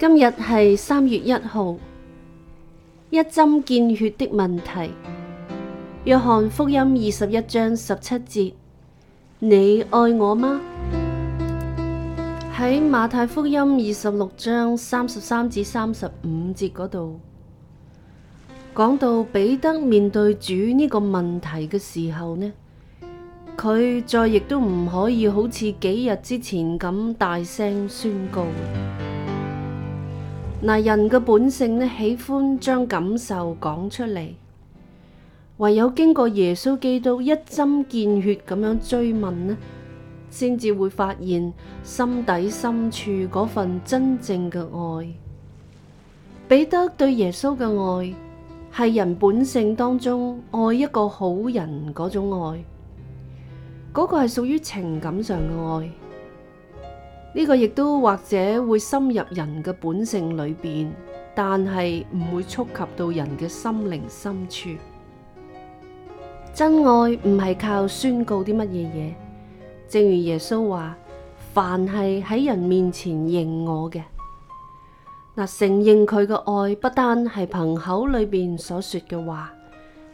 今日係三月一號，一針見血的問題。約翰福音二十一章十七節：你愛我嗎？喺馬太福音二十六章三十三至三十五節嗰度，講到彼得面對住呢個問題嘅時候呢，佢再亦都唔可以好似幾日之前咁大聲宣告。那人嘅本性呢，喜歡將感受講出嚟。唯有經過耶穌基督一針見血咁樣追問咧，先至會發現心底深處嗰份真正嘅愛。彼得對耶穌嘅愛，係人本性當中愛一個好人嗰種愛，嗰、那個係屬於情感上嘅愛。呢個亦都或者會深入人嘅本性裏邊，但係唔會觸及到人嘅心靈深處。真愛唔係靠宣告啲乜嘢嘢，正如耶穌話：凡係喺人面前認我嘅，嗱承認佢嘅愛，不單係憑口裏邊所說嘅話，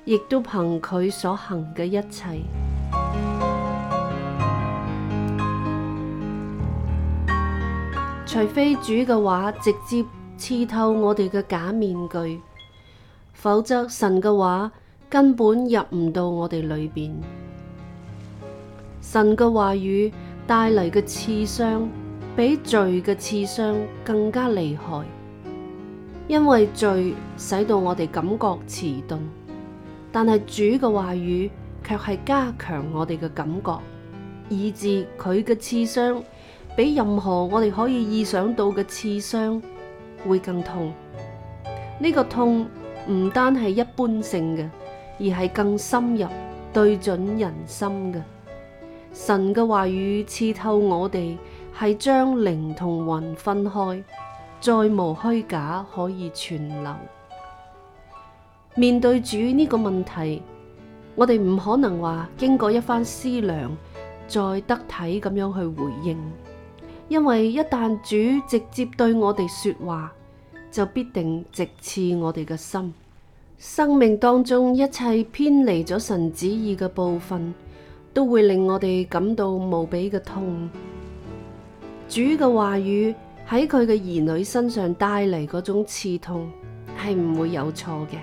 亦都憑佢所行嘅一切。除非主嘅話直接刺透我哋嘅假面具，否則神嘅話根本入唔到我哋裏邊。神嘅話語帶嚟嘅刺傷，比罪嘅刺傷更加厲害，因為罪使到我哋感覺遲鈍，但係主嘅話語卻係加強我哋嘅感覺，以致佢嘅刺傷。比任何我哋可以意想到嘅刺傷會更痛。呢個痛唔單係一般性嘅，而係更深入、對準人心嘅。神嘅話語刺透我哋，係將靈同魂分開，再無虛假可以存留。面對住呢個問題，我哋唔可能話經過一番思量，再得體咁樣去回應。因為一旦主直接對我哋說話，就必定直刺我哋嘅心。生命當中一切偏離咗神旨意嘅部分，都會令我哋感到無比嘅痛。主嘅話語喺佢嘅兒女身上帶嚟嗰種刺痛，係唔會有錯嘅。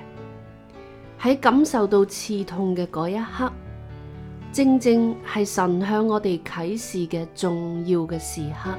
喺感受到刺痛嘅嗰一刻，正正係神向我哋啟示嘅重要嘅時刻。